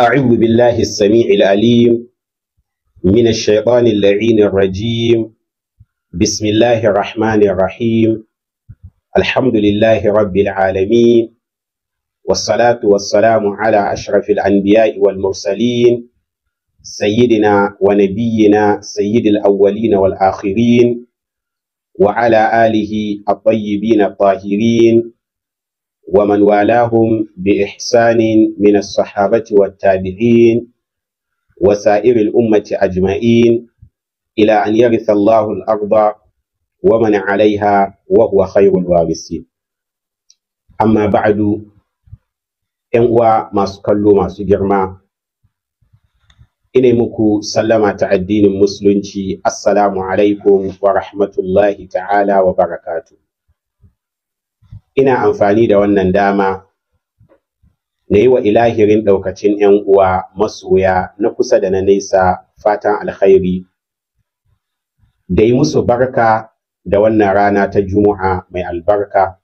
أعوذ بالله السميع العليم من الشيطان اللعين الرجيم بسم الله الرحمن الرحيم الحمد لله رب العالمين والصلاة والسلام على أشرف الأنبياء والمرسلين سيدنا ونبينا سيد الأولين والآخرين وعلى آله الطيبين الطاهرين ومن والاهم بإحسان من الصحابة والتابعين وسائر الأمة أجمعين إلى أن يرث الله الأرض ومن عليها وهو خير الوارثين أما بعد ‘yan uwa masu kallo masu girma ina muku sallama ta addinin musulunci assalamu alaikum wa rahmatullahi ta'ala wa barakatu. ina amfani da wannan dama na yi wa ilahirin ɗaukacin ‘yan uwa masoya na kusa da na nesa fatan alkhairi da yi musu barka da wannan rana ta juma'a mai albarka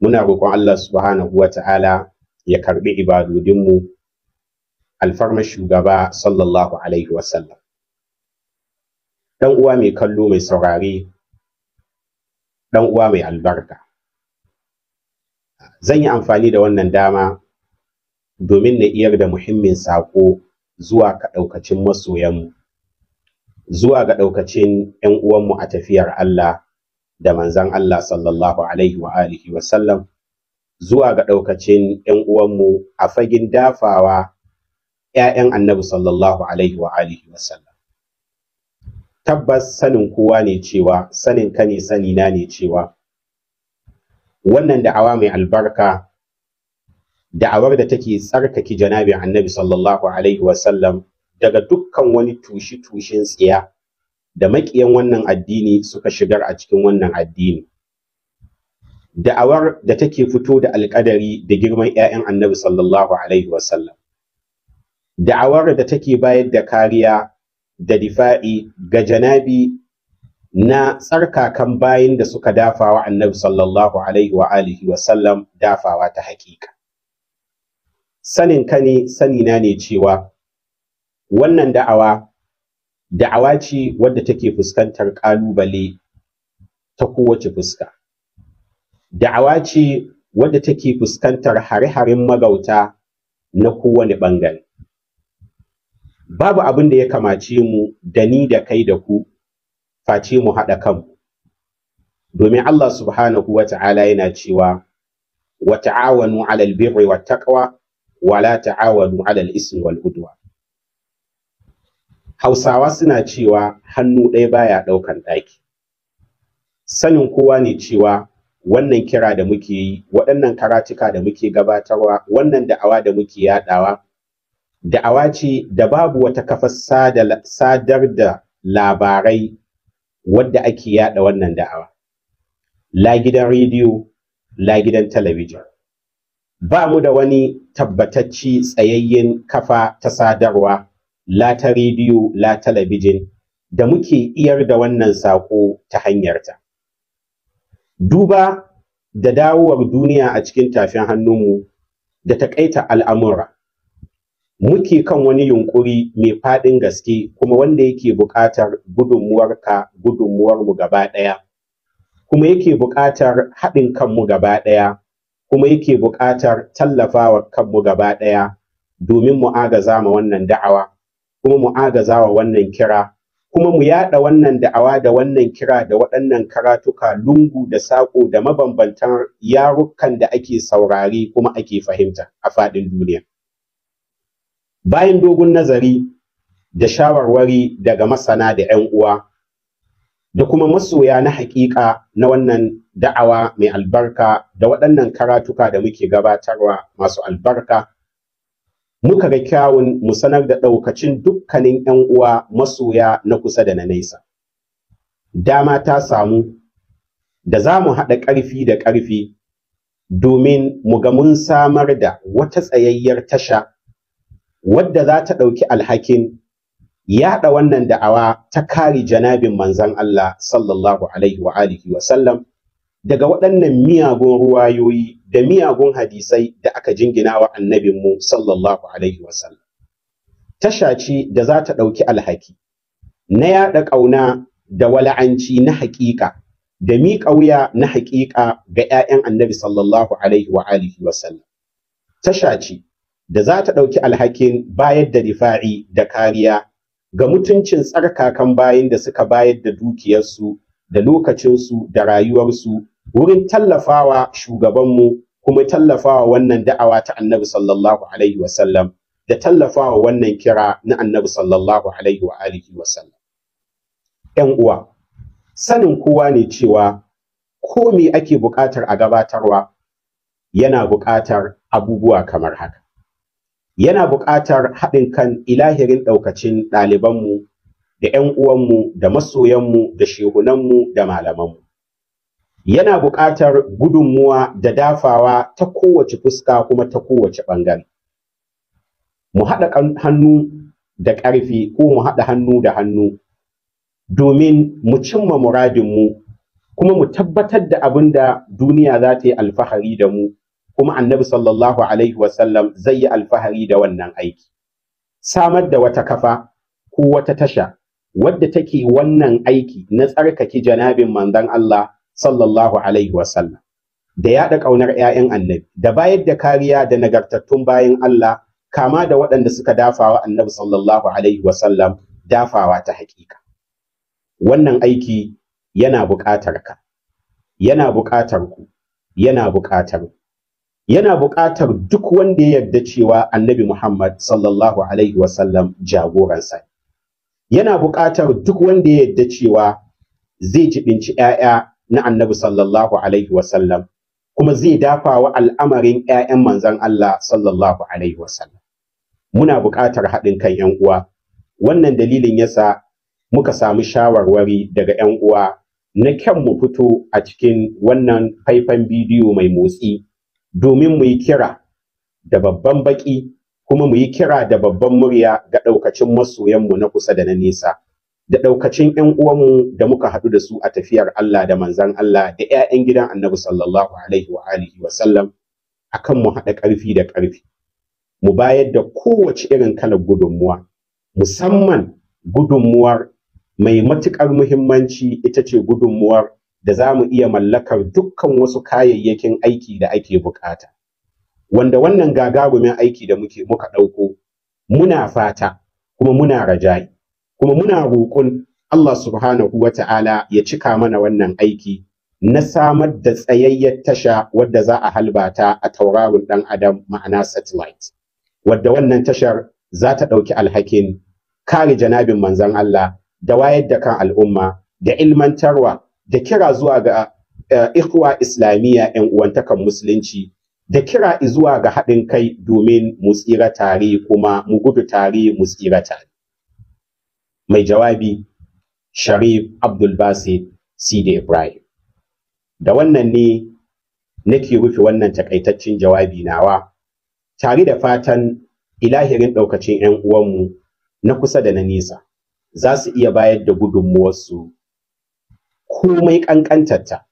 muna roƙon Allah subhanahu wa ta'ala ya karɓi ibadudinmu alfarmar shugaba sallallahu alaihi wasallam ɗan uwa mai kallo mai saurari, ɗan uwa mai albarka zan yi amfani da wannan dama domin na iyar da muhimmin saƙo zuwa ga ɗaukacin masoyanmu zuwa ga ɗaukacin 'yan uwanmu a tafiyar Allah da manzan Allah sallallahu alaihi wa alihi wa sallam zuwa ga ɗaukacin 'yan uwanmu a fagin dafawa 'ya'yan annabi sallallahu alaihi wa alihi wa sallam tabbas sanin kowa ne cewa sanin ka ne sani na ne cewa wannan da'awa mai albarka da'awar da take tsarkake janabi annabi sallallahu alaihi wasallam daga dukkan wani tushe-tushen tsiya da maƙiyan wannan addini suka shigar a cikin wannan addini da'awar da take fito da alƙadari da girman 'ya'yan annabi sallallahu alaihi wasallam da'awar da take bayar da kariya da difa'i ga janabi na tsarkakan bayin da suka dafawa annabi sallallahu alaihi wa alihi wa sallam dafawa ta hakika. Sanin ka ne sanina ne cewa wannan da'awa da'awa ce wadda take fuskantar ƙalubale ta kowace fuska. Da'awa ce wadda take fuskantar hare-haren magauta na kowane ɓangare. Babu abin da ya kamace mu da ni da kai da ku face mu haɗa kanmu domin Allah subhanahu wa ta'ala yana cewa wa ta'awanu 'alal birri wat taqwa wa la ta'awanu 'alal ismi wal udwa Hausawa suna cewa hannu ɗaya baya ɗaukan ɗaki sanin kowa ne cewa wannan kira da muke yi waɗannan karatuka da muke gabatarwa wannan da'awa da muke yaɗawa da'awa ce da babu wata kafa sadar da labarai wadda ake yaɗa wannan da'awa la gidan rediyo la gidan talabijin ba mu da wani tabbatacci tsayayyen kafa ta sadarwa la ta rediyo la talabijin da muke iyar da wannan saƙo ta hanyarta duba da dawowar duniya a cikin tafin hannunmu da ta taƙaita al'amura muke kan wani yunkuri mai faɗin gaske kuma wanda yake buƙatar gudunmuwarka mu gaba ɗaya kuma yake buƙatar haɗin kanmu gaba ɗaya kuma yake buƙatar tallafawa kanmu gaba ɗaya domin mu agaza ma wannan da'awa kuma mu agaza wa wannan kira kuma mu yaɗa wannan da'awa da wannan kira da waɗannan karatuka lungu da saƙo da mabambantan yarukan da ake saurare kuma ake fahimta a faɗin duniya. bayan dogon nazari da shawarwari daga masana da 'yan uwa da kuma masoya na haƙiƙa na wannan da'awa mai albarka da waɗannan karatuka da muke gabatarwa masu albarka muka ga kyawun mu sanar da ɗaukacin dukkanin 'yan uwa masoya na kusa da na nesa dama ta samu da za mu haɗa ƙarfi da ƙarfi domin mu ga mun samar da wata tsayayyar tasha wadda za ta ɗauki alhakin yaɗa wannan da'awa ta kare janabin manzan Allah sallallahu alaihi wa alihi wa sallam daga waɗannan miyagun ruwayoyi da miyagun hadisai da aka jingina wa annabinmu sallallahu alaihi wa sallam tasha ce da za ta ɗauki alhaki na yaɗa ƙauna da wala'anci na haƙiƙa da miƙa wuya na haƙiƙa ga 'ya'yan annabi sallallahu alaihi wa alihi wa sallam tasha ce da za ta ɗauki alhakin bayar da rifa'i da kariya ga mutuncin tsarkakan bayan da suka bayar da dukiyarsu da lokacinsu da rayuwarsu wurin tallafawa shugabanmu kuma tallafawa wannan da'awa ta annabi sallallahu alaihi wasallam da tallafawa wannan kira na annabi sallallahu alaihi wa alihi wasallam ‘yan uwa sanin kowa ne cewa ko me ake buƙatar a gabatarwa yana buƙatar abubuwa kamar haka yana buƙatar haɗin kan ilahirin ɗaukacin ɗalibanmu da 'yan uwanmu da masoyanmu da shehunanmu da malamanmu. Yana buƙatar gudunmuwa da dafawa ta kowace fuska kuma ta kowace ɓangare. Mu haɗa hannu da ƙarfi ko mu haɗa hannu da hannu domin mu cimma muradinmu kuma mu tabbatar da abin da duniya za ta yi alfahari da mu kuma annabi sallallahu alaihi wasallam zai yi alfahari da wannan aiki samar da wata kafa ko wata tasha wadda take wannan aiki na tsarkake janabin manzon Allah sallallahu alaihi wasallam da yaɗa ƙaunar 'ya'yan annabi da bayar da kariya da nagartattun bayan Allah kama da waɗanda suka dafawa annabi sallallahu alaihi wasallam dafawa ta haƙiƙa wannan aiki yana buƙatar ka yana buƙatar ku yana buƙatar yana buƙatar duk wanda ya yarda cewa annabi Muhammad sallallahu alaihi wasallam jagoransa yana buƙatar duk wanda ya yarda cewa zai jibinci ‘ya'ya na annabi sallallahu alaihi wasallam kuma zai dafa wa al'amarin ‘ya'yan manzan Allah sallallahu alaihi wasallam muna buƙatar haɗin kan ‘yan uwa wannan dalilin yasa muka samu shawarwari daga ‘yan uwa na kyan mu fito a cikin wannan faifan bidiyo mai motsi domin mu yi kira da babban baki kuma mu yi kira da babban murya ga ɗaukacin masoyanmu na kusa da na nesa da ɗaukacin ‘yan uwanmu da muka haɗu da su a tafiyar Allah da manzan Allah da ‘ya'yan gidan annabi sallallahu alaihi wa alihi wa sallam akan mu haɗa ƙarfi da ƙarfi mu bayar da kowace irin kalar gudunmuwa musamman gudunmuwar mai matuƙar muhimmanci ita ce gudunmuwar da za mu iya mallakar dukkan wasu kayayyakin aiki da ake bukata. Wanda wannan gagarumin aiki da muke muka ɗauko, muna fata, kuma muna rajayi, kuma muna roƙon Allah subhanahu wa ta'ala ya cika mana wannan aiki na samar da tsayayyar tasha wadda za a halbata a tauraron ɗan adam ma'ana satellite, wadda wannan tashar za ta ɗauki alhakin kare janabin manzon Allah da wayar da kan al'umma da ilmantarwa da kira zuwa ga eh, ikhwa islamiyya yan uwantakan musulunci da kira zuwa ga haɗin kai domin mu tsira tare kuma mu gudu tare mu tsira tare mai jawabi sharif abdul sidi ibrahim da wannan ne nake rufe wannan takaitaccen jawabi nawa tare da fatan ilahirin ɗaukacin 'yan uwanmu na kusa da na nisa za su iya bayar da gudunmuwarsu komai ƙanƙantarta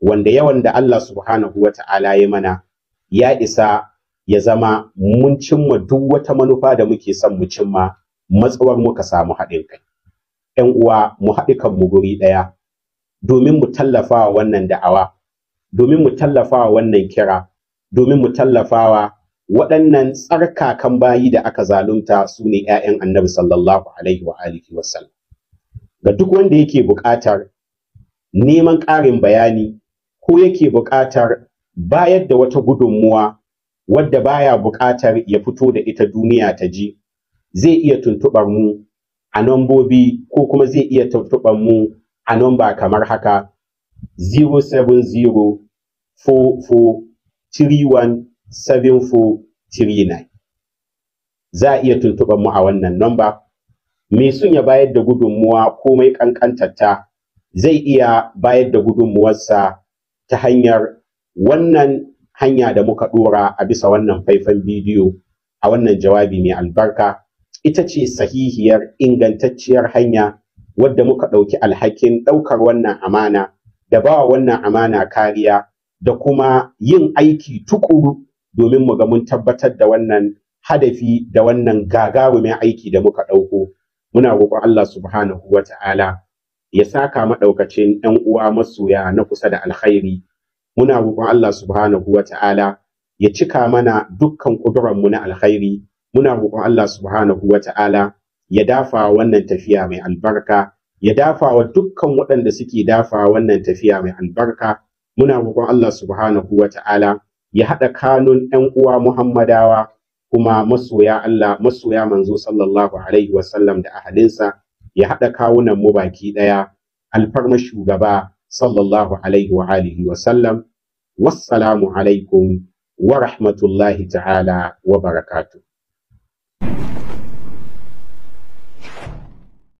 wanda yawan da Allah subhanahu wa ta'ala ya mana ya isa ya zama mun cimma duk wata manufa da muke son mu cimma matsawar muka samu haɗin kai ‘yan uwa mu haɗi kan mu guri ɗaya domin mu tallafa wa wannan da'awa domin mu tallafa wa wannan kira domin mu tallafa wa waɗannan tsarkakan bayi da aka zalunta su ne ‘ya'yan annabi sallallahu alaihi wa alihi wasallam. ga duk wanda yake buƙatar neman ƙarin bayani ko yake buƙatar bayar da wata gudunmuwa wadda baya buƙatar ya fito da ita duniya ta ji zai iya tuntuɓar mu a nambobi ko kuma zai iya tuntuɓar mu a namba kamar haka 07044317439 za a iya tuntuɓar mu a wannan namba mai sun ya bayar da gudunmuwa komai ƙanƙantatta zai iya bayar da gudunmuwarsa ta hanyar wannan hanya da muka dora a bisa wannan faifan bidiyo a wannan jawabi mai albarka ita ce sahihiyar ingantacciyar hanya wadda muka ɗauki alhakin ɗaukar wannan amana da ba wannan amana kariya da kuma yin aiki tukuru domin mu ga mun tabbatar da wannan hadafi da wannan gagarumin aiki da muka ɗauko muna roƙon Allah subhanahu wa ta'ala ya saka maɗaukacin ‘yan uwa masoya na kusa da alkhairi muna roƙon Allah subhanahu wa ta'ala ya cika mana dukkan mu na alkhairi muna roƙon Allah subhanahu wa ta'ala ya dafa wannan tafiya mai albarka ya dafa wa dukkan waɗanda suke dafa wannan tafiya mai albarka muna roƙon Allah subhanahu wa ta'ala ya haɗa kanun ‘yan uwa Muhammadawa kuma masoya Allah masoya manzo sallallahu alaihi wa sallam da ahalinsa ya haɗa kawunan mu baki ɗaya alfarma shugaba sallallahu alaihi wa alihi wa sallam wassalamu alaikum wa rahmatullahi ta'ala wa barakatuh